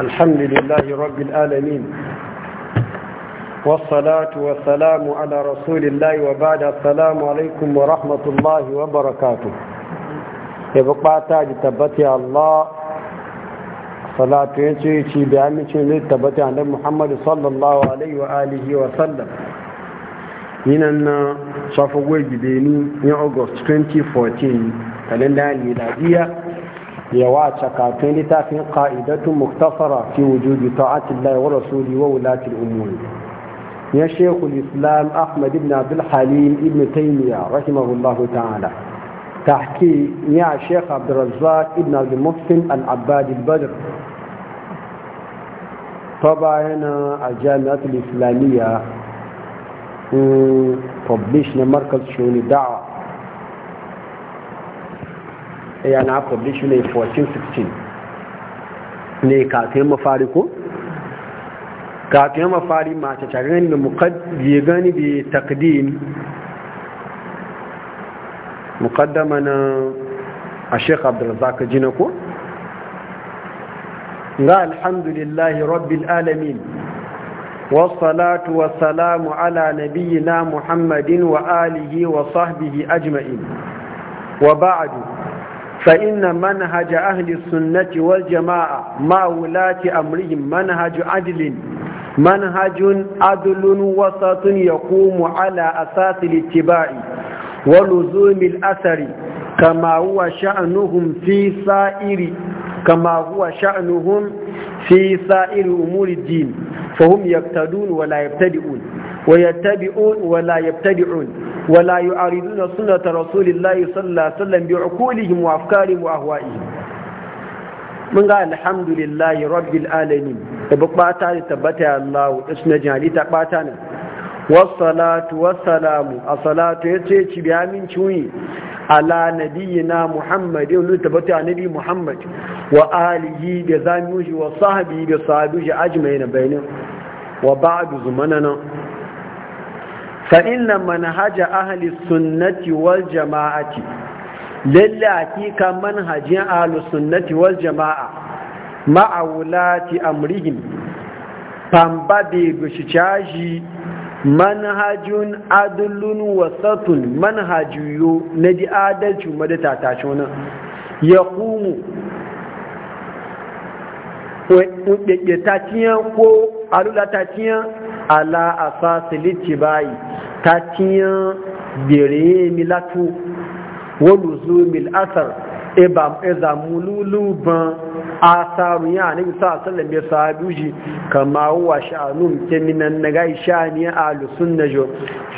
الحمد لله رب العالمين والصلاة والسلام على رسول الله وبعد السلام عليكم ورحمة الله وبركاته يبقى تاج تبتي الله صلاة ينشيشي بعمل تبتي عن محمد صلى الله عليه وآله وسلم yinan na shafagwai gideni in august 2014 kalenda miladiya يواتش كاتين لتافين قائدة مختصرة في وجود طاعة الله ورسوله وولاة الأمور يا شيخ الإسلام أحمد بن عبد الحليم ابن تيمية رحمه الله تعالى تحكي يا شيخ عبد الرزاق ابن عبد المحسن العباد البدر طبعا هنا الجامعة الإسلامية مم. ببليشنا مركز شؤون الدعوة ya na publish ne 1416 ne kafin mafari ko kafin mafari mace tarihin da muqaddi gani bi taqdim muqaddama na a sheikh abdulrazak jina ko ga alhamdulillahi rabbil alamin ala والصلاة muhammadin wa alihi wa sahbihi ajma'in wa وبعد فإن منهج أهل السنة والجماعة مع ولاة أمرهم منهج عدل منهج عدل وسط يقوم على أساس الاتباع ولزوم الأثر كما هو شأنهم في سائر كما هو شأنهم في سائر أمور الدين فهم يقتدون ولا يبتدئون ويتبعون ولا يبتدعون ولا يعارضون سنة رسول الله صلى الله عليه وسلم بعقولهم وأفكارهم وأهوائهم من قال الحمد لله رب العالمين تبقاتان تبتع الله اسم جهالي تبقاتان والصلاة والسلام الصلاة يتيش بأمين شوي على نبينا محمد يقول تبتع نبي محمد وآله بزاميوش وصحبه بصحبه أجمعين بينهم وبعد زمننا فإن منهج أهل السنة والجماعة ka منهج أهل السنة jama'a ma'aulati ولاة أمرهم فانبدي بشجاجي manhajun adulun wasatun manhajiyo na di adalci mada tatashi wani ya kuma ɗaiɗe tatiyan ko alula tatiyan ala ti bayi ta tiyan bere milatu zu mil asar eza mululu ban asaru ya bi sa sallam ya sahabu shi kama wa sha'anun keminan na gai sha'ani a lusun sunna jo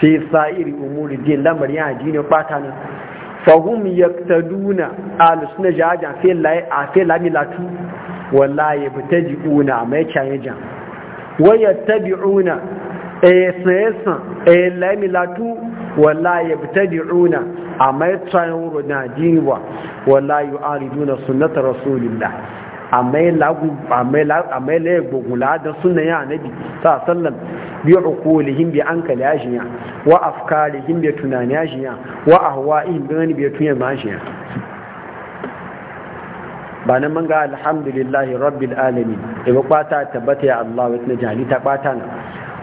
fi sa'iri umuri din lamar ya addini kwata nan fahim yaktaduna a lusun fi lai a fi lamilatu wallahi bi ta mai canye jan wayattabi'una esayesan latu wala yabtadi'una a mai tsayin runa jiniwa wala yi ariduna sunnata rasulillah a mai laye gugula da sunan ya nabi ta sallam bi uqulihim bi ankali yashiya wa afkarihim bi tunani yashiya wa ahwa'ihim bi wani bi tunya mashiya ba na manga alhamdulillah rabbil alamin daga kwata tabbata ya Allah wa tana jali ta kwata na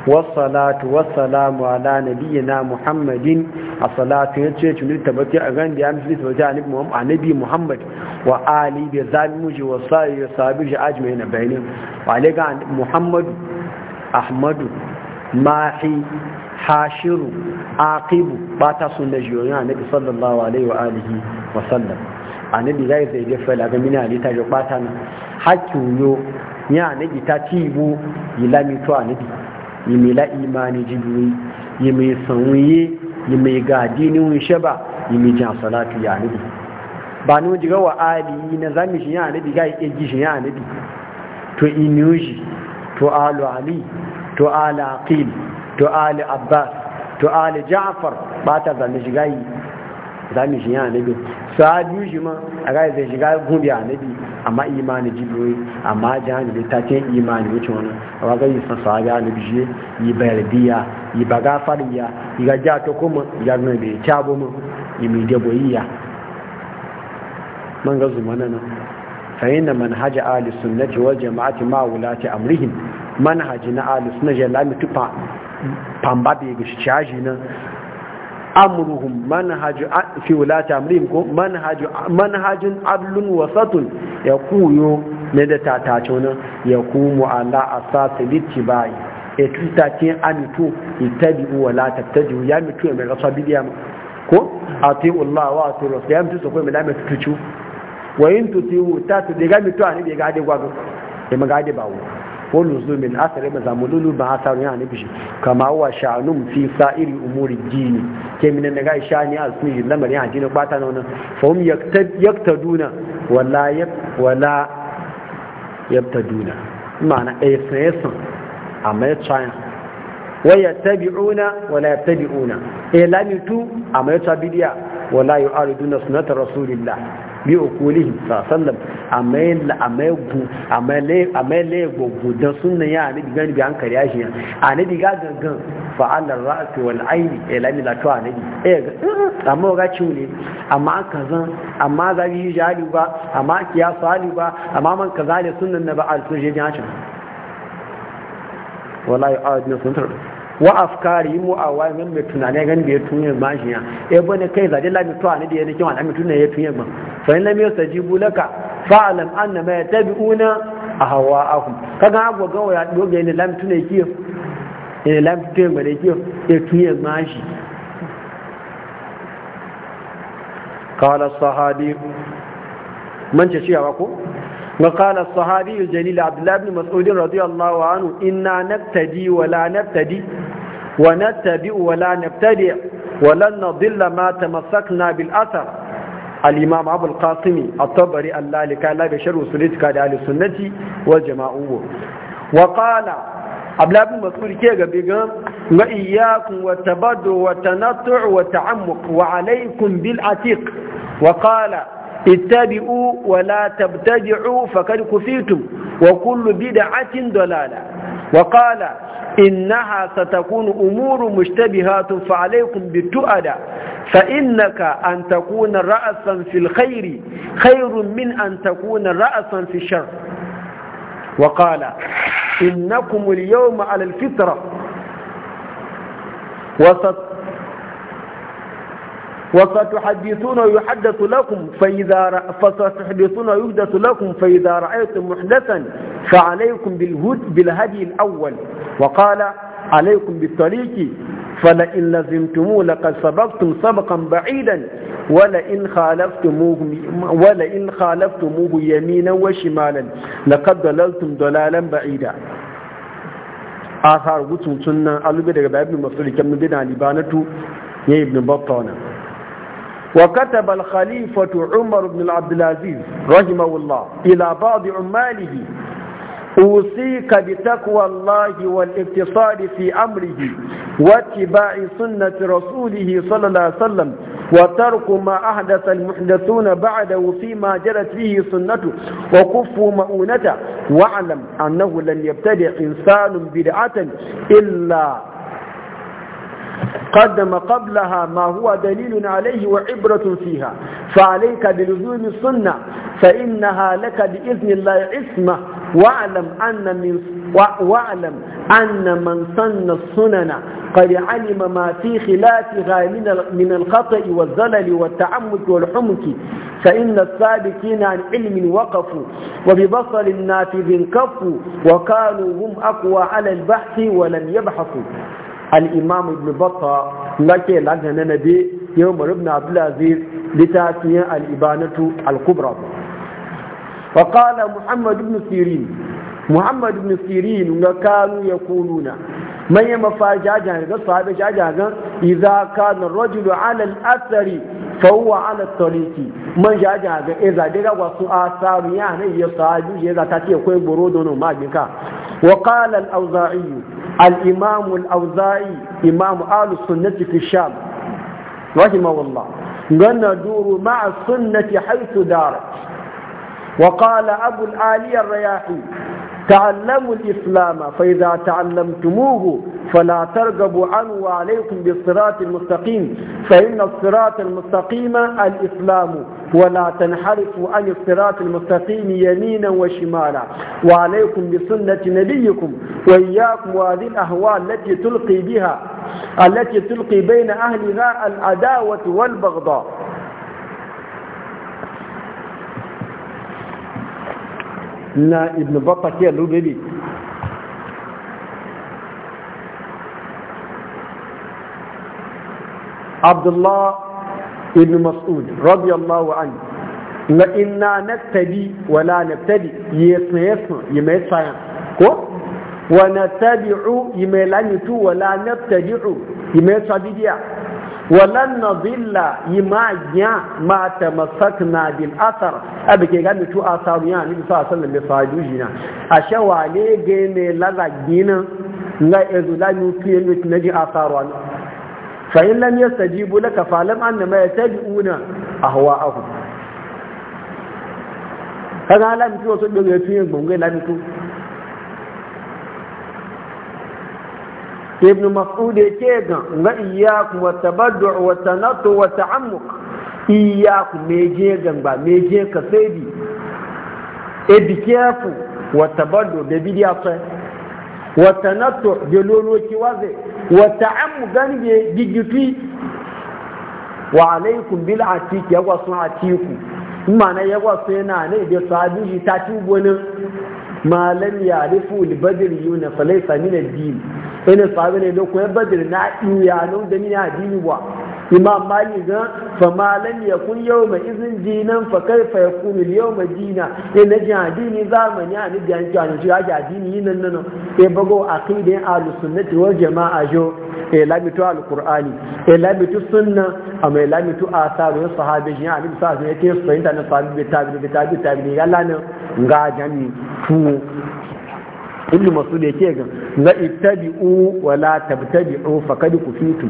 wassalatu wassalamu ala nabiyyina muhammadin as salatu yace tuni tabbata a gan da ya mishi tabbata a nabi annabi muhammad wa ali bi zalimuji wa sa'i wa sabi ji ajmaina bayni wa ali ga muhammad ahmadu mahi hashiru aqibu ba ta sun da jiyoyin annabi sallallahu alaihi wa alihi wa sallam anabi zai zai je fela ga mina ali ta je kwata na hakkin yo ya anabi ta ci bu yilami to anabi yi mai la imani jibiyoyi yi mai sanwuye yi mai gadi ni wun sheba, yi mai jan salatu ya anabi ba ni wajen wa ali na zami shi ya anabi ga iya gishi ya anabi to inuji to alu ali to ala aqil to ali abbas to ali ja'far ba ta zami shi ga yi zami shi ya anabi sahabi shi ma a ga zai shiga gobe annabi amma imani jibiri amma jihani ta ce imani wuce wannan yi ga yin sahabi annabi shi yi bayardiya yi fariya yi ga ja ta kuma ya nuna bai cabo mu yi mai daboyiya man ga zuma nan fa'in da manhaja ahli sunnati wal jama'ati ma wulati amrihim manhaji na ahli sunnati la mutufa pamba bai ga shi caji nan amruhum manhaju fi wulati amrihim ko manhaju manhajun adlun wasatun ya ne da tatacho nan ya kumu ala asati litibai e tuta ke amitu itabi wala tattaji ya mitu ya mai rasa bidiya ko atiu Allah wa atiu rasul ya mitu so ko mai lamu tutu wa in tutiu ta de ga mitu ani de ga de gwago e magade bawo fọ́lùsù mi látàrí mazamolulu bá a fi sa iri umuri jini ke mi nan daga iṣa ni a sun yi lamarin a wala yabta duna ma na ɗaya sun wala ya ta bi una ɗaya lamitu a mai tsabiliya wala yi aru duna sunatar rasulullah bi okulihim sallam amai amai gu amai amai le gugu da sunna ya an kariya a diga gangan fa ala ra'si wal aini e e amma ga kaza amma za amma sali amma kaza ne sunnan na al ya wa afkari mu a wa nan mai tunane gan da ya tunye mashiya e ne kai zaje la mi tuwa ne da ya nake wa mi tunye ya tunye ba fa in lam yastajibu laka fa alam anna ma yatabi'una ahwa'ahum kaga agwa ga wa doge ne lam tunye kiyo ne lam tunye ba ne kiyo ya tunye maji. qala sahabi man ce ciyawa ko وقال الصحابي الجليل عبد الله بن مسعود رضي الله عنه إنا نبتدي ولا نبتدي ونتبع ولا نبتدع ولن نضل ما تمسكنا بالأثر الإمام أبو القاسم الطبري اللالك لا بشر وسلتك لأهل السنة والجماعة وقال عبد الله بن مسعود كي قبل وإياكم والتبدع والتنطع والتعمق وعليكم بالعتيق وقال اتبعوا ولا تبتدعوا فقد كفيتم وكل بدعه ضلاله وقال انها ستكون امور مشتبهات فعليكم بالتؤدا فانك ان تكون راسا في الخير خير من ان تكون راسا في الشر وقال انكم اليوم على الفطره وسط وستحدثون ويحدث لكم فإذا فستحدثون ويحدث لكم فإذا رأيتم محدثا فعليكم بالهد بالهدي الأول وقال عليكم بالطريق فلئن لزمتموه لقد سبقتم سبقا بعيدا ولئن خالفتموه ولئن خالفتموه يمينا وشمالا لقد ضللتم ضلالا بعيدا آثار غتون سنة ألو بدر بابن مصر كم علي بانتو يا ابن بطانه وكتب الخليفة عمر بن عبد العزيز رحمه الله إلى بعض عماله أوصيك بتقوى الله والاتصال في أمره واتباع سنة رسوله صلى الله عليه وسلم وترك ما أحدث المحدثون بعده فيما جرت به سنته وكفوا مؤونته واعلم أنه لن يبتدع إنسان بدعة إلا قدم قبلها ما هو دليل عليه وعبرة فيها فعليك بلزوم السنة فإنها لك بإذن الله عصمة واعلم أن من واعلم أن من سن السنن قد علم ما في خلافها من من الخطأ والزلل والتعمد والحمك فإن السابقين عن علم وقفوا وببصر نافذ كفوا وكانوا هم أقوى على البحث ولم يبحثوا al-imam ibn batta lake lagana na be yau marib na abdulaziz littafiyan al-ibanatu al-kubra wa qala muhammad ibn sirin muhammad man yama fa jajan ga sahabe jajan ga idza kana ar-rajulu ala al-athari fa huwa ala at-tariqi man jajan ga wasu asaru ya ne ya ce kai borodo no ma ginka الإمام الأوزاعي إمام آل السنة في الشام رحمه الله دور مع السنة حيث دارت وقال أبو الآلي الرياحي تعلموا الإسلام فإذا تعلمتموه فلا ترغبوا عنه وعليكم بالصراط المستقيم فإن الصراط المستقيم الإسلام ولا تنحرفوا عن الصراط المستقيم يمينا وشمالا وعليكم بسنة نبيكم وإياكم وهذه الأهوال التي تلقي بها التي تلقي بين أهلها العداوة والبغضاء na ibn bata ke عبد abdullah ibn mas'ud radiyallahu anhu na inna nattabi wala nattabi yesna yesna yima yesna ko wa nattabi'u yima lanitu wala nattabi'u yima yesna bidiya walan nadilla yima ya ma tamassakna bil athar abike ga mutu asaru ya ni sa sallan bi sajujina ashawale ge ne nga ezulani tuye mutu naji asaru fa'in lam yastajibu laka falam annama yatabi'una ahwa'ahum kaga alami tí wọ́n tó gbogbo ẹ̀tún yẹn gbòǹgbò ìlànà tó ibn mas'ud yake ga ga iyyakum wa tabaddu wa tanattu wa ta'ammuq ba, meje gamba meje bi, e be careful wa tabaddu da ya sai nato da lonoki waze wata amu gange gigifi wa alaikum bil atiki yagwa sun atiku na yagwa sun yana ne da sahabi ta ci gonin malam ya rufu libadir na falai na dini ina sabi ne lokacin badir na iya nan da ni dini ba imam mali ga fa malam ya kun yau mai izin dinan fa kai fa ya kuni yau mai dina ya eh, na ji addini zamani a nufi yanki a nufi yaki addini yi nan nan ya eh, bago a ahlus sunnati wal jama'a jo ya eh, lamitu alkur'ani ya lamitu sunna a mai lamitu a saro ya sahabi ji ya nufi sa su ke so fahimta na sahabi bai tabi bai tabi tabi ne ya lana ga jami fu ibnu masud yake ga na ittabi'u wala tabtabi'u fa faqad kufitu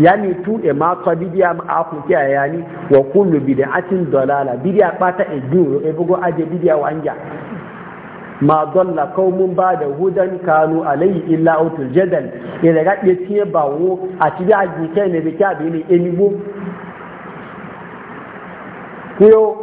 yani tu e ma ka bidiya ma aku kiya yani wa kullu bid'atin dalala bidiya bata e duro e bugo aje bidiya wanja ma dalla qaumun bada hudan kanu alayhi illa utul jadal e daga de tie bawo a ti da aji ke ne bi ka bi ni enibo kuyo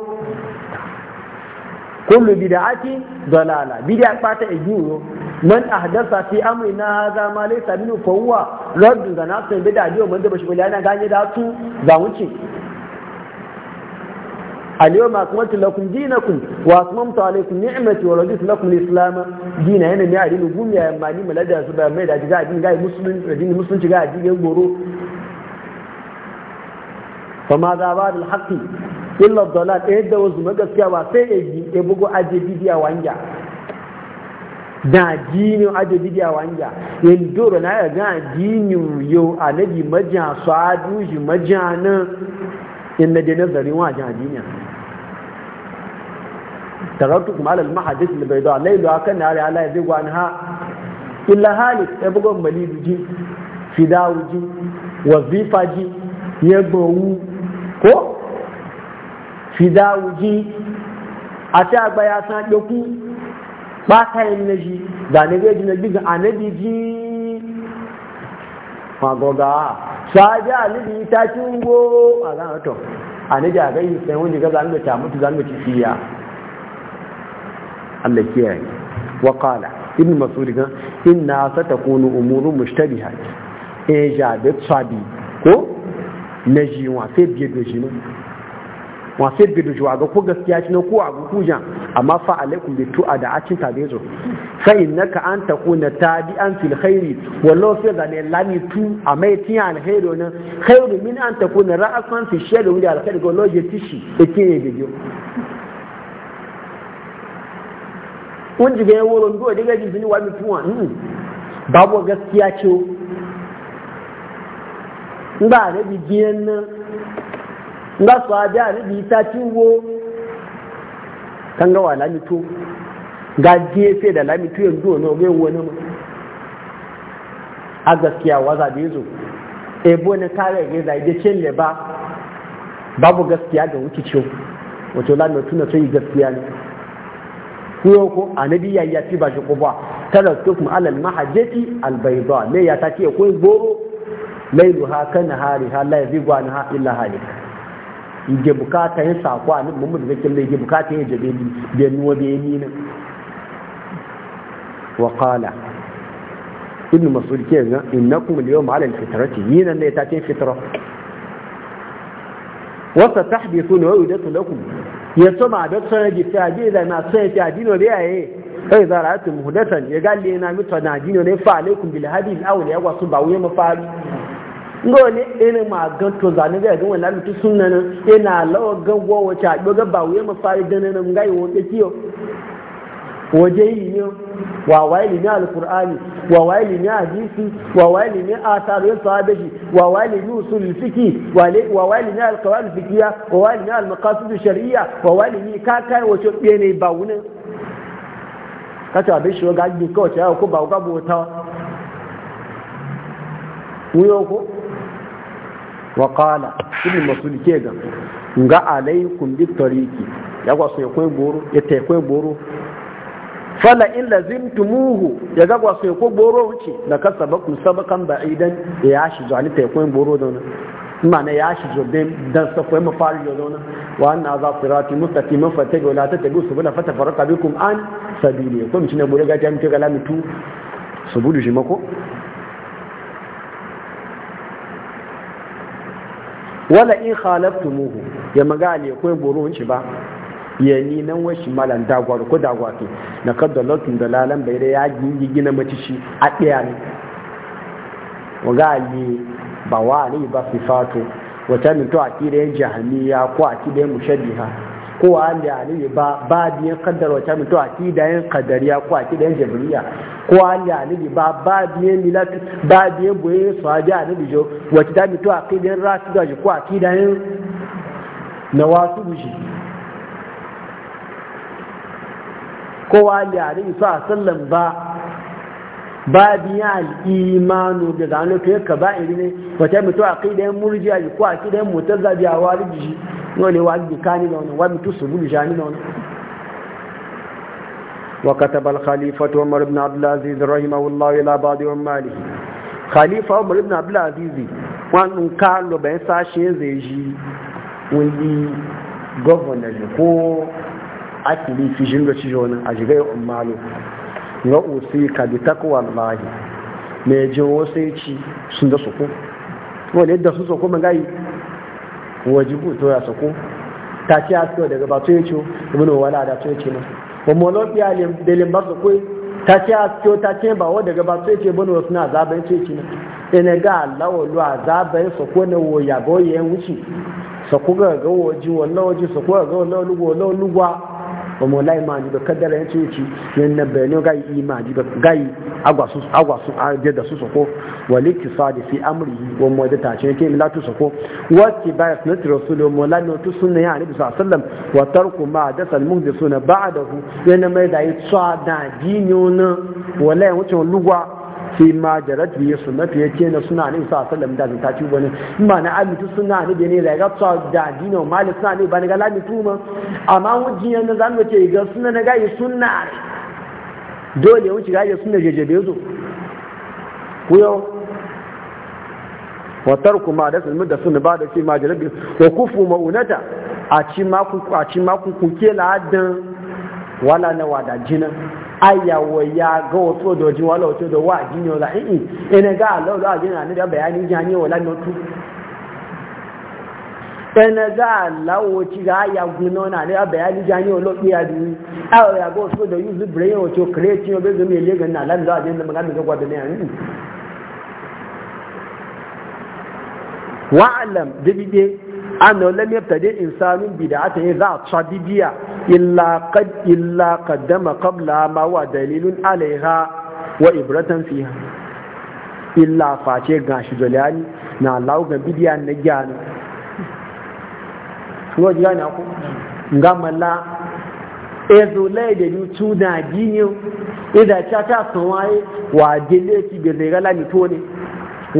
kullu bid'atin dalala bidiya bata e duro من أحدث في أمرنا هذا ما ليس منه فهو رد raddu بدا ديو من دبش بلانا غاني داتو bashi اليوم أكملت لكم دينكم وأتممت عليكم نعمتي ورضيت لكم الإسلام دين هنا ما يعدين وقوم يا ماني ملادي أسبع ميدا جاء دين جاء مسلم دين مسلم جاء دين يقبروا فماذا بعد الحق إلا الضلال إيه ده مجلس يا واسع إيه بقوا أجدي دي وانجا da jini ajo bidiya wanja yin doro na ya ga jini yo anabi majiya su adu shi majiya na da na dai nazarin wajen adiniya tarattu kuma alal mahadis da bai zuwa lailu akan na ala ala zai gwani ha illa halik ya bugon mali ji fidawu ji wazifa ji ya gbowu ko fidawu ji a ta gbaya san ɗauku ba ta yin na shi da na gaji na gizin a na biji magoga sabi a nabi ta cungo, a zan to a na ja gai sai wani ga zan a mutu zan mutu siya Allah kiyaye wa qala ibn mas'ud kan inna satakunu umurun mushtabihat e ja da sabi ko na ji wa sai biye do shi ne wa sai biye do shi wa ga ko gaskiya shi ne ko a ga kujan amma fa alaikum bi tu'ada'atin tabezo fa innaka an takuna tabi'an fil khairi wallahu fi zane lami tu amai tin alkhairu nan khairu min an takuna ra'asan fi sharri wanda alkhairu ko loje tishi yake ne da yo un jiga ya woro ndo e daga jin wa mi tuwa hmm. babu gaskiya ce ba da biyan nan ba su a da bidiyan ta ciwo kan gawa lamitu ga gefe da lamitu yanzu wani ogai wani mu a gaskiya waza da yazo ebo na kare ga zai da cin ne ba babu gaskiya da wuce ciwo wato lamitu na sai gaskiya ne ko ko annabi ya ya ba shi kuba su kuma alal mahajjati al ne ya ta ce ko goro lailuha hari, hariha zai gwana ha, illa halika yake bukata ya sako a nufin mummuni zakin da yake bukata ya jabe ni da nuwa da ya nina wa kala ibn masud ke nan innakum al-yawma ala al-fitrati yinan ne ta cikin fitra wa satahdithuna wa yudatu lakum yato ma da tsare ji ta ji da na sai ta dino da yaye ai zara'atu muhdatan ya galle na mutana dino ne fa alaikum bil hadi al-awliya wa subawiya mafari ne ina ma gan to zani ga ga wannan mutu sunna nan ina lawa ga gowa ta ga ba wuya ma fari ganin nan ngai wo ke kiyo waje yi ne wa waili ne alqur'ani wa waili ne hadisi wa waili ne athar ya sahabi wa waili ne usul fiqi wa waili ne alqawal fiqiyya wa waili ne almaqasid shar'iyya wa waili ne ka kai wato be ne ba wunin kacha be shi ga gi ko ta ko ba ga bota wuyo ko wa qala ibn mas'ud ke ga nga alaikum bi tariqi ya kwaso so yakwe goro ya ta yakwe goro fala in lazim lazimtumuhu ya ga kwaso ya yakwe goro wuce da kasabakum sabakan idan ya shi zani ta yakwe goro da wannan mana ya shi zobe dan sakwai mafari da zauna wa anna za sirati mustaqima fatabu la tatabu subula fatafarqa bikum an sabili ko mi shine bure ga jami'a ga tu subulu shi mako wala in muhu ya magali ne ko buru shi ba ya ni nan washi malan dagwar ko dagwato na da lalan bai da ya gina macici a ɗaya ne waga ba wa ne ba sifato wata mutu a kidan jahaniya ko a mu mushabbiha ko ali aliyu ba ba biyan kaddar wata mutu a kidayen kadariya ko a kidayen Jamiliya, ko ali aliyu ba ba biyan milat ba biyan boye sahabi ali jo wata da mutu a kidayen gaji ko a kidayen wasu bushi ko ali ali sa sallan ba babi ya al'imanu da zanu to yaka ba iri ne wata mutu a kai da yan murjiya ji ko a kai da yin mutar zabi a wari ji wani wani bikani da wani wani mutu su gudu shani da wani وكتب الخليفة عمر na عبد Rahim رحمه الله إلى بعض أماله خليفة عمر بن عبد العزيز وأن قال له بين ساشين زيجي ولي governor ko akili fi jinga ci jona a jigai umalu ga usika bi takwa Allah me je wasaici sun da soko wani yadda su soko mun gai wajibu to ya soko ta ci asko daga ba to yace ibnu wala da to yace ma wa molobi alim delim ba soko ta ci asko ta ce ba wa daga ba to yace ibnu wasna azaban to yace na ina ga Allah wallu azaban soko na wo ya go yen wuci soko ga ga waji wallahi soko ga ga wallahi lugwa ba láì máa ma ji ẹ̀ tí ó ti ci yan na bayani gai imani da gai agwasu agwasu a da su sako wali kisadi fi amri wa mu da tace yake mila tu sako wa mai da yi wala fi ma jarat suna fiye ce na suna ne sa sallam da ta ci wani ma na ali suna ne da ne da ga sa da dino mali suna ne ba ne ga lami tuma amma wujiyan na zan wace ga suna na ga suna dole wuce ga suna sunna jejebe zo kuyo wa tarku ma da sulmi da sunna ba da fi ma jarat bi wa kufu maunata a ci ma ku a ci ma ku ke ladan wala na wada jinan ayawo ya ga otu odo ji wala otu wa ji ni ola ii ene ga ala a ajin na nida bayani ji anyi wala notu ene ala ochi ga aya guno na ya ya duri ayo ya ga otu odo yuzu brain otu kreti obe zomi ele ga na na wa'alam dibide an lam yabtadi insanun za illa qad illa qaddama qabla ma wa dalilun alaiha wa ibratan fiha illa face gashi jalali na Allah ga bidiya na gyana ko gyana ko ngamala ezole da tu na ginyo ida cha ta sanwaye wa jele ki bezegala ni to ne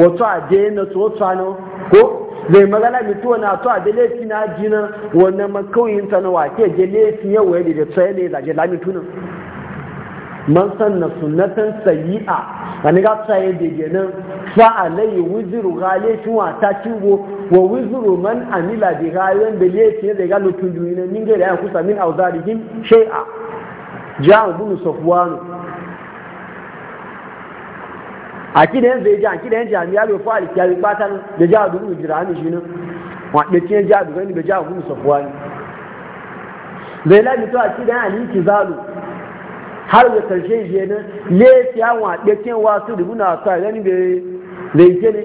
wato a je tso to tsano ko zai magana tuwa na tuwa a da laifi na jina wani makauyin ta na wake je laifi yau ya da tsaye ne zaje lami tunan man san na sunatan sayi'a a ni ga tsaye da genin fa alai wuzuru ga laifin wata cibo wa wuzuru man amila bi gayon da laifi da ga lutun duniya min ga ya kusa min auzarihim shay'a ja'a bunu safwanu a kidan zai ji a kidan jami'a bai fa alkiyabi batan da ja jira jirani shi ne wa da kiyan ja duru ne bai ja gumu safuwa ne zai labi to a kidan aliki zalu har da karshe je ne le ya wa da kiyan wasu rubuna sa gani bai zai ke ne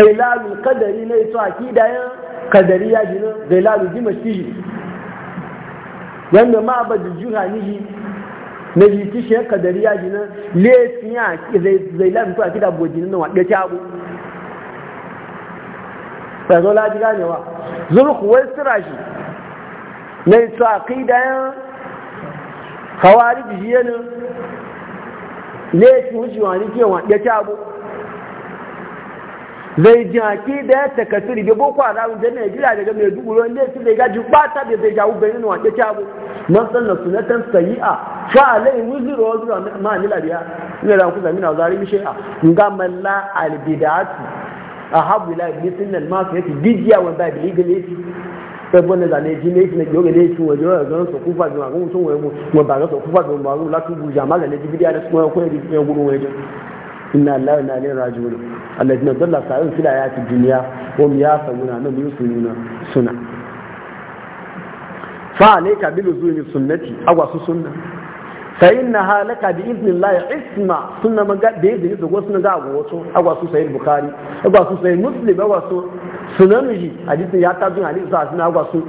zai labi kadari ne to a kidan kadari ya ji ne zai labi dimashi yadda ma ba da juhani na jiki shi kadariya ji nan laifin ya zai lafi kuwa kida boji nan wa ɗaya abu ta zo laji ganewa zurku wai sira shi na yi sa kai da yan hawari bijiyanin laifin wucewa ne ke wa ɗaya zai ji haki da ya takasiri bai boko a zaɓin jami'a ya jira daga mai dubu ruwan su zai gaji bata bai zai jawo bayanin wa ta cabo na sanna sunatan sayi'a sha alai wuzuru wa zuwa ma ni labiya ina da ku zamina zari mi shay'a nga malla albidatu ahabu ila ibnisin al mafiyati dijiya wa ba bi iglesi sai bone da ne ji ne ne yoga ne shi wajo ya zan so kufa bi ma ko sun wayo mo ba ga so kufa bi ma ko la tubu jama'a ne ji bidiya da su ko ko ne gudu wajo inna lillahi wa inna ilaihi الذين ضل سعيهم في الحياة الدنيا هم يافعون أنهم يسنون سنة فعليك بلزوم سنتي أو سنة فإنها لك بإذن الله اسمع سنة من قد بإذن الله سنة أو سنة سيد بخاري أو سنة سيد مسلم أو سنة سنة نجي حديث يعتبر عليه الصلاة والسلام أو سنة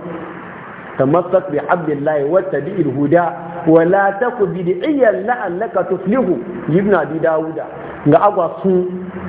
تمسك بعبد الله واتبع الهدى ولا تكن بدعيا لعلك تفلح ابن أبي داود ga agwasun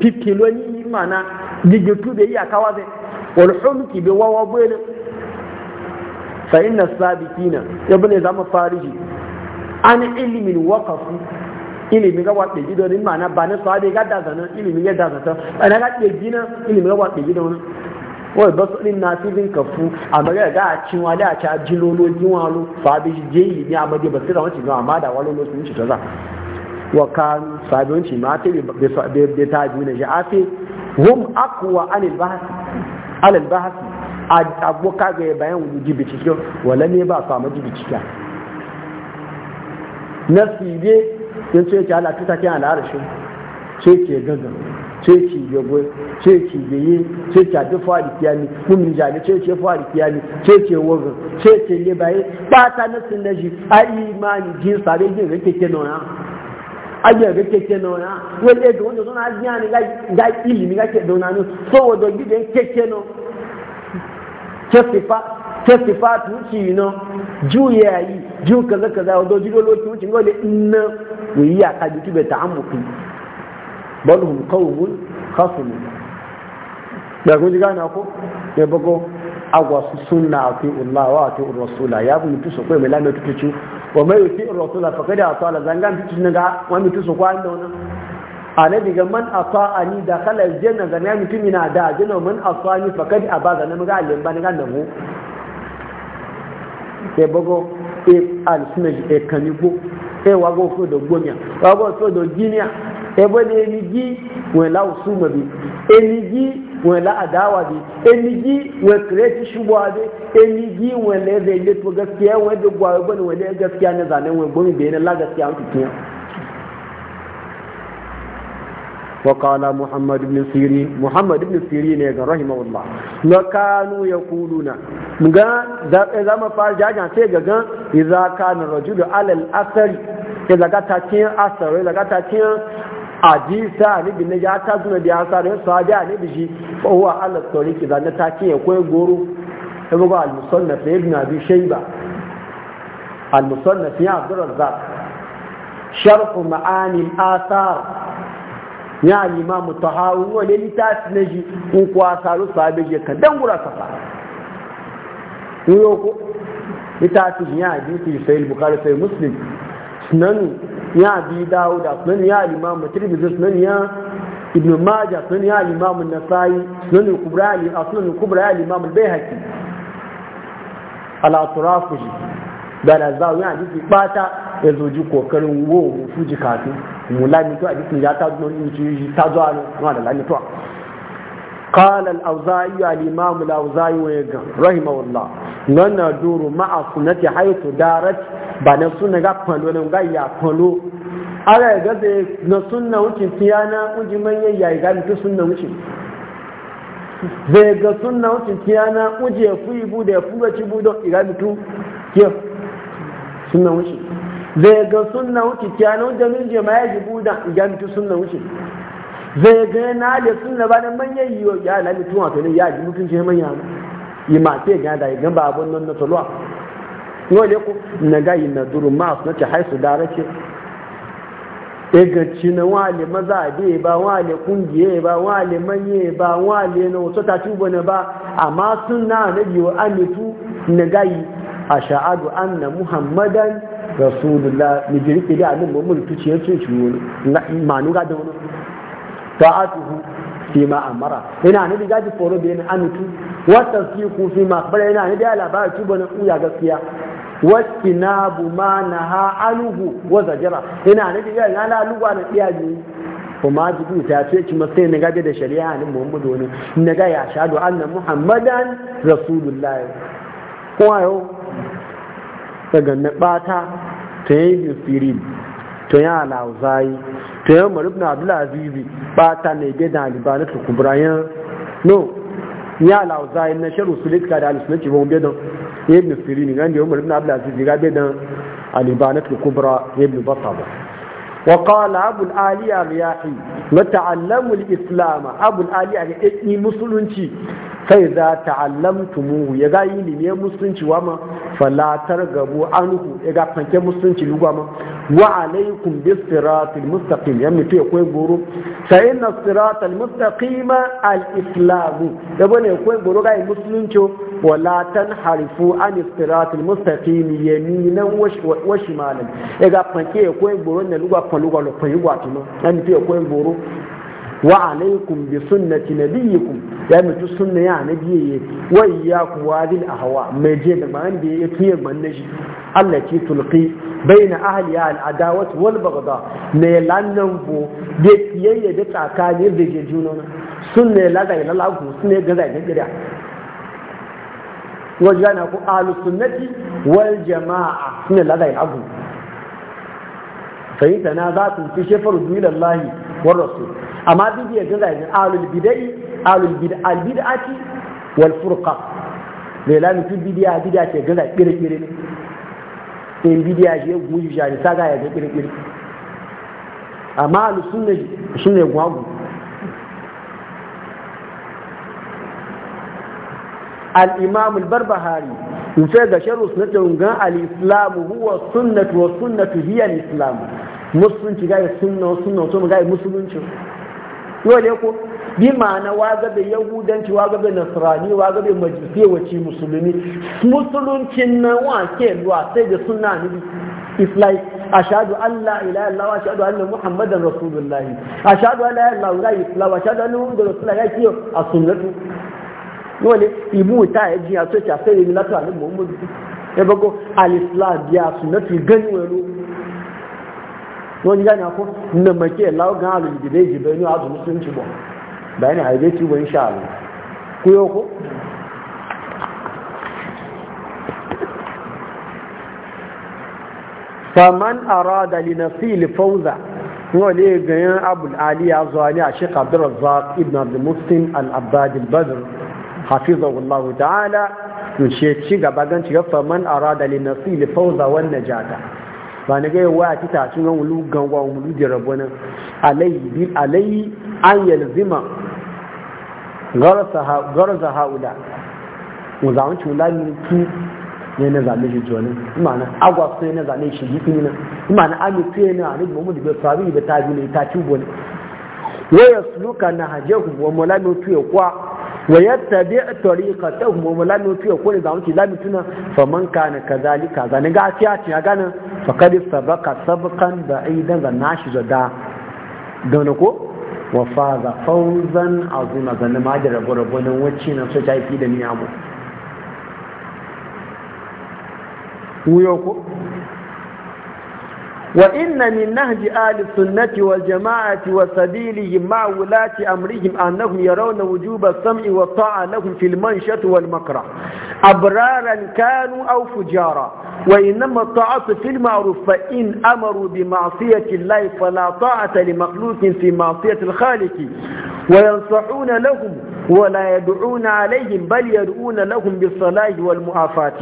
pipi loni mana gige tube iya kawaze wal hulki bi wawa bele fa inna ya ibn zama fariji an ilmin waqafu ilimi ga waɗe gido ni mana ba na sabi ga da zanan ilimi ga daza zata ana ga ɗe gina ilimi ga waɗe gido ni wai ba su ɗin na fi kafu a maga ga a cin wale a ci a jilolo jiwalo sabi je yi ni a madi basira wancin ga amma da walo lo sun ci ta za wa kanu sabonci ma ta bai ta biyu na sha'afi hum akwa anil bahasi alal bahasi aboka ga ya bayan wani jibici kyau wala ne ba samu jibici kyau na sibe yin ce ta ala tuta kyan al'arashi ce ke gaga ce ke gagwe ce ke gaye ce ke adi fari kiyami kumin jami ce ke da kiyami ce ke wurin ce ne baye ba ta a imani rike nuna ajiyar da keke na wani wani ga wanda suna ajiya ne ga ilimi ga ke dauna ne saboda gidan keke na kesifa tuci yi na ju ya yi ju kaza kaza wadda jiro lokaci wuce ga wani ina wuyi ya kaji tube ta amuki bal hum qawmun khasum da kun ji gana ko ya bago agwa sunna ati ullah wa ati rasula ya kun so ko e mai lamar tutuci wa mai yuti in rasu fa kada a tsala zangan tun ga mutu su tusu da wani a na ga man ata ani da kala janna ga ya mutu na da janna man ata ni fa a aba ga na mu ga alim ban ga nan mu ke bogo e al sunan e kanigo e wa go fo do gbonya wa go fo da jinia e bo ni ni gi we la usumabi e ni gi wọn la adawa bi enigi wọn kireti shubuwa bi enigi wọn la zai le to gaskiya wọn da gwaye bane wọn la gaskiya na zanen wọn gomi bai na la gaskiya an tukiya وقال محمد بن سيرين محمد بن سيرين يقول رحمه الله وكانوا يقولون مغا اذا ga. فار جاجا سي غا اذا كان الرجل على الاثر اذا غا تاكين اثر اذا ta تاكين hadisa ne bin ya ta suna da hasa ne sahabi ne shi ko huwa ala tariqi da na taki ya koyi goro ta buga al musannaf ibn abi shayba al musannaf ya abdur razzaq sharh ma'ani al athar ya al imam tahawi wa ne ta sinaji ko ko asaru sabe je ka dan gura safa yo ko ita ya ji ti sai bukhari sai muslim sunan ya abi dawud sunan ya al-imam tirmidhi sunan ya ibn majah sunan ya al-imam an-nasa'i sunan al-kubra sunan al-kubra al-imam al-baihaqi ala turafuji da da zawo ya hadisi bata ya zoji kokarin wo mu fuji kafin mu lamito hadisin ya ta zo ni ci ta zo ana da lamito قال الأوزاعي الإمام الأوزاعي ويقام رحمه الله نانا ندور مع سنة حيث دارت بان سنة قفل ونغا يقفلو ala ya gaza na sunna wuce tiyana kuji manyan ya ga mutu zai ga sunna wucin tiyana kuji ya fi ibu da ya fi wace ibu don iga mutu ke sunna wuce zai ga sunna wucin tiyana ya ji iga mutu sunna wucin. zai ga na da sunna ba da manyan yiwo ya lami tun wato ne ya ji mutunci ya manya yi ma ce ga da ga ba abun nan na tolwa no le ko na ga yi na duru ma su nace haisu da race e ga ci na wale maza be ba wale kungiye ba wale manye ba wale na wato ta tubo ne ba amma sunna na yiwo amitu na ga yi asha'adu anna muhammadan rasulullah mijirki da abin ba mulki ce ce ciwo na manu ga da wani ta'atuhu fi ma amara ina ne da ji foro bayan amitu wa tasdiqu fi ma bare ina ne da labari tubo na uya gaskiya wa bu ma naha aluhu wa zajara ina ne da na la a na iya ji kuma jibu ta ce ki masai na gabe da shari'a ne Muhammadu ne na ga ya shahadu anna Muhammadan rasulullahi ko ayo daga na bata ta yi to ya lauzai sai umar ibn abdul aziz ba ta ne ga da kubrayan no ya lauzai na sharu sulika da ibn sirini ga umar ibn ga kai za mu. ya ga ilimi ya musulunci wa ma falatar gabu anhu ya ga fanke musulunci lugwa ma wa alaikum bis siratil mustaqim ya mutu ya koyi goro na inna siratal mustaqima al islam ya bane koyi goro ga musulunci wala tanharifu an siratil mustaqim yaminan wa shimalan ya ga fanke ya koyi goro na lugwa fa lugwa lo fa lugwa tuma ya mutu ya koyi goro wa alaikum bi sunnati nabiyikum ya mutu sunna ya nabiye wa iyyakum wadil ahwa mai je da ban da ya tuye manne shi Allah ki tulqi baina ahli al adawat wal baghdha ne lannan bo da kiyayya da tsakani da ke juna sunna la ga ila lagu sunna ga ga gida wajana ku ahlus sunnati wal jamaa sunna la ga ila lagu fa za ku fi shafar dinillahi war rasul amma bidiyar zan zai alulbidai alulbidati walfurka mai lamitu bidiyar bidiyar ce zan zai kirkiri ne sai bidiyar ce guji shari sa ga yadda kirkiri amma alusun ne gwagu al'imam barbahari nufai ga sharu suna tungan al'islamu huwa sunnatu wa sunnatu hiyar islamu musulunci ga yi sunna wa sunna ga yi musulunci dole ko bi ma'ana wa gabe yahudanci wa gabe nasrani wa gabe majusi wace musulmi musuluncin nan wa ke luwa sai da suna ne islai ashadu an la ilaha illallah ashadu anna muhammadan rasulullah ashadu an la ilaha illallah islam ashadu anna muhammadan rasulullah ya ce a sunnatu dole ibu ta ya ji a so ta sai da milatu annabi muhammadu ya bako al-islam biya sunnatu gani wani wani gane ko na make lau ga alu jibe jibe ni azu musulunci ba bayani a yabe ci wani sha alu ku yau ko faman arada li nasil fawza lè ganyen abul aliya zuwani a shekh abdurrazzaq ibn abdul muslim al-abbad al-badr hafizahullahu ta'ala to she ci gaba gan ci ga faman arada li nasil fawza wan najata ba na gaya waya ci ta cin wulu gangwa wulu da rabona alayhi bil an yalzima garza garza haula mu zamu ci lami ki ne na zame shi joni imana agwa sai na zame shi yikin na imana ami sai na ne mu mu da sabi da tabi ne ta ci bone waya suluka na mulami Wuyan ta biyar tarihi, kar ta gumabo, lami ko ni zamu ci, lami tuna, faman ka ni, kazali ka, zanen ga ase ya cewa gani, fa ka bi saba, kasaf kan nashi zaɓa da. Ɗanau ko, wa faɗa? Hauw zan azuna, zan nima ajiye rarraba, don na so ta yi da niyamu. وإن من نهج آل السنة والجماعة وسبيلهم مع ولاة أمرهم أنهم يرون وجوب السمع والطاعة لهم في المنشة والمكره أبرارا كانوا أو فجارا وإنما الطاعة في المعروف فإن أمروا بمعصية الله فلا طاعة لمخلوق في معصية الخالق وينصحون لهم ولا يدعون عليهم بل يدعون لهم بالصلاة والمعافاة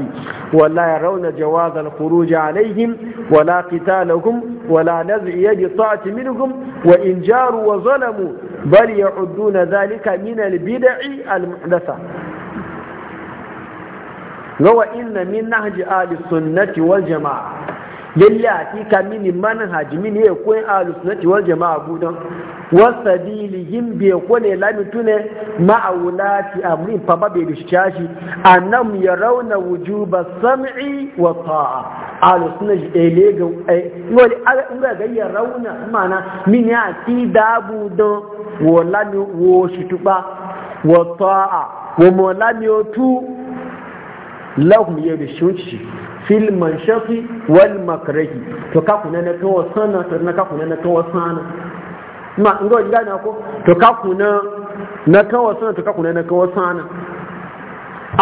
ولا يرون جواز الخروج عليهم ولا قتالهم ولا نزع يد طاعة منهم وإن جاروا وظلموا بل يعدون ذلك من البدع المحدثة وإن من نهج آل السنة والجماعة lalle a mini manhaj mini ya koyi ahlus sunnati wal jama'a budan wasabilihim bi kone lami tune, ma'awlati amri fa ba shashi annam yarawna wujuba sam'i wa ta'a ahlus sunnati ele ga eh, ngoli ga ga yarawna mana mini a ti dabu don wo lami wo shituba wa ta'a wo mo otu lahum yadishunchi fil manshafi wal makrahi to ka kuna na to sana to na ka kuna na to sana ma ngo ji gane ko to ka kuna na kawo sana to ka kuna na kawo sana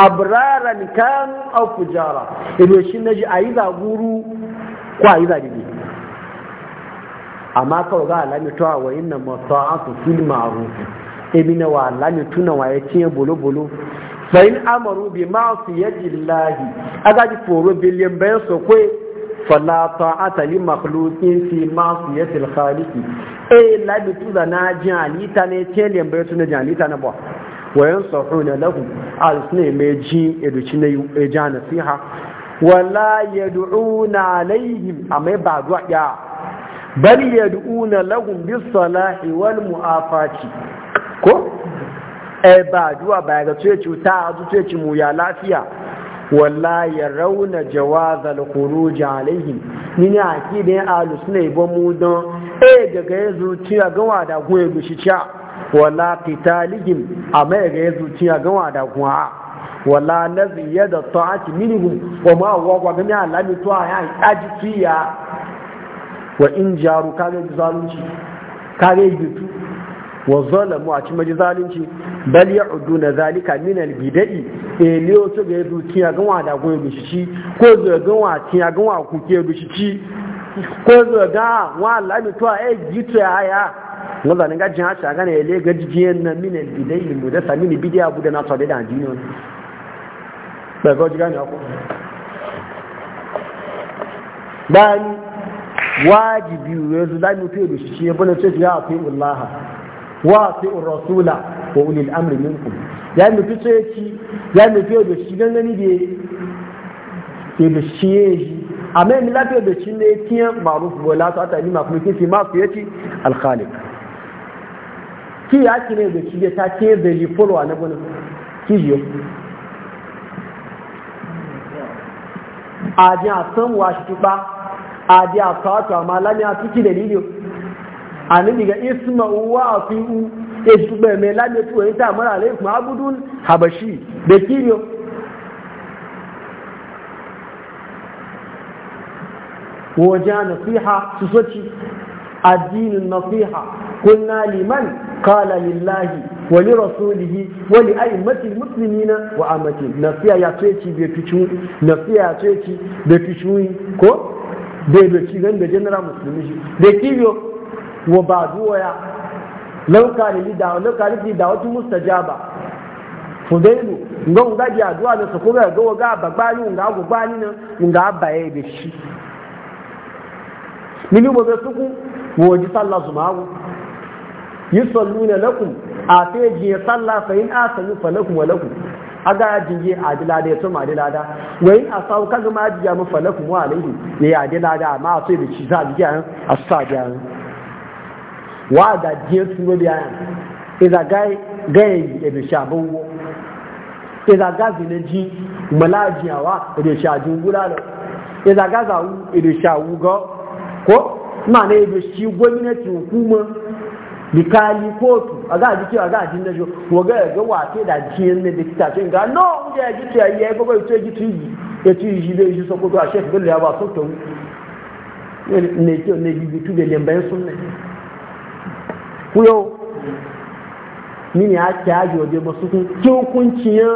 abraran kan au fujara ido shi naji ayi za guru ko ayi za dibi amma ka ga alami to wa inna mata'atu fil ma'ruf ibina wa alami tuna wa yace bolo bolo fa'in amaru bi masu yaji lahi a ji foro biliyan bayan so kwe falata atali makhlukin fi masu yaji khaliki e labi tuza na janita ne ce liyan bayan suna janita na ba wayan sahu na lahu alisne mai ji educi na e eja nasiha wala yad'una alaihim amma ba zuwa ya bal yad'una na bis salahi wal mu'afaci ko ai ba duwa ba ga tuye cuta a tuye ci mu ya lafiya walla ya rauna jawaza da kuru jalehi ni ne akidin ahlus sunna ibon mu don e daga ya a ga wada kun ya gushi cha walla a amma ga ya a ga wada kun a walla naziya da ta'ati minhum wa ma wa wa ga a alami to a ya fiya wa in jaru kare zalunci kage yutu wa zalamu a cikin zalunci bal ya'uduna zalika min al-bid'i e eh, liyo to ga yadu tiya ga wada go yadu shi ko zo ga wa tiya ga wa ku ke yadu shi ko zo ga wa Allah mi to e gitu ya ya na zan ga jin haka ga ne le ga jiyen na min al-bid'i mu da sami bid'i abu da na to da dinin ba ga jiga ne ko bayan wajibi yanzu da mu to yadu shi ya bana ce ya fi Allah wa fi rasula wa ulil amri minkum ya nufi tsoyaci ya nufi da shi gangani da da shi ya yi amma yin lafiyar da shi ne tiyan maruf bola ta ta nima kuma kifi ma su yaci alkhalik ki ya ki ne da shi ta ce da yi folowa na gwanin kijiyo a ji a san wa shi tuba a ji a kawo amma lamiya suke da lidiyo a nufi ga isma'u wa a fi'u esu bẹ́ẹ̀ mẹ́ lábẹ́ tí wọ́n ń tà mọ́ra lẹ́yìn fún abudul habashi bẹ́kírio wọ́n jẹ́ nasiha susoci addinin nasiha kunna liman kala lillahi wani rasulihi wani aimmatin musulmi na wa amatin nasiya ya ce ci bai fi nasiya ya ce ci bai fi ko bai bai ci gan da general musulmi shi da kiyo wa ba duwaya lauka ne lidawa lauka ne lidawa tun mustajaba fudailu nga nga di aduwa na su kuma ga ga bagbani nga gugbani na nga baye da shi mini bo su ku wo ji sallah su mawo yusalluna lakum a sai ji sallah fa in asanu fa lakum wa lakum aga jinje adilada ya tuma adilada wa in asau kaga ma jiya mu fa lakum wa alaihi ya adilada ma sai da shi za ji an asabiyan wa da je turo biya iza ga ga ebe shabawo iza ga zine ji malajiyawa ebe shajin gulalo iza ga zawu ebe shawu ga ko ma na ebe shi gwamnati hukuma bikali kotu a ga jike a ga jin na jo wa ga ga wace da jiyan ne dikta ce ga no ya ji ta yi ko bai ce ji tu yi ya tu yi bai ji sokoto a shek bello ya ba so to ne ne ne bi tu be lembayin ne. kuyo mini ake ke aji waje ba su ki hukunci ya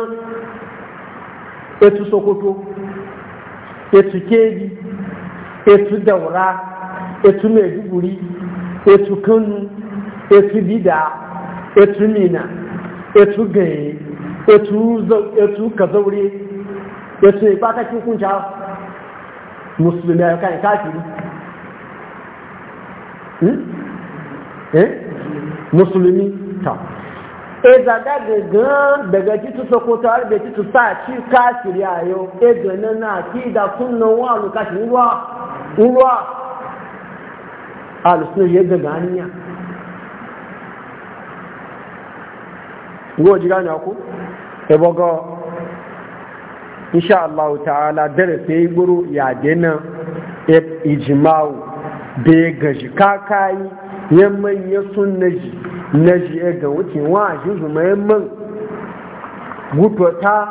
etu sokoto etu kebi etu daura etu maiduguri etu kanu etu bida etu mina etu gaye etu kazaure etu ne ba ki hukunci musulmi ya kan kafiri hmm? eh musulmi ta e zaga gangan daga titu sokoto har da titu sa ci kafiri a yau e na na ki da sunan wa lukashi ruwa ruwa a lusunan ya gaga hanya goji gani ku e bago insha Allah ta'ala darasa yi guru ya dena ijimawu da ya gaji kakayi yamman ya sun naji naji ya ga wuce wa a shi zuma yamman gutota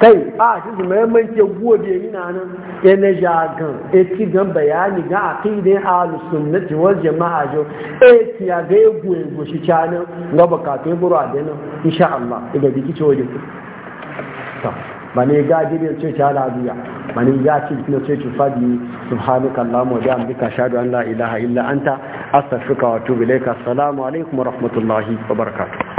kai a shi zuma yamman ke gode yana nan ya na gan ya ci gan bayani ga a kai dai alusun na wal jama'a jo e ti ya ga ya goye goshi canan ga bukatun buru a dana insha Allah daga biki ce wajen ta mani ga gibe ce ta labiya mani ga ci kina ce ci fadi subhanaka allahumma wa bihamdika ashhadu an la ilaha illa anta astaghfiruka wa atubu ilaika assalamu alaikum wa rahmatullahi wa barakatuh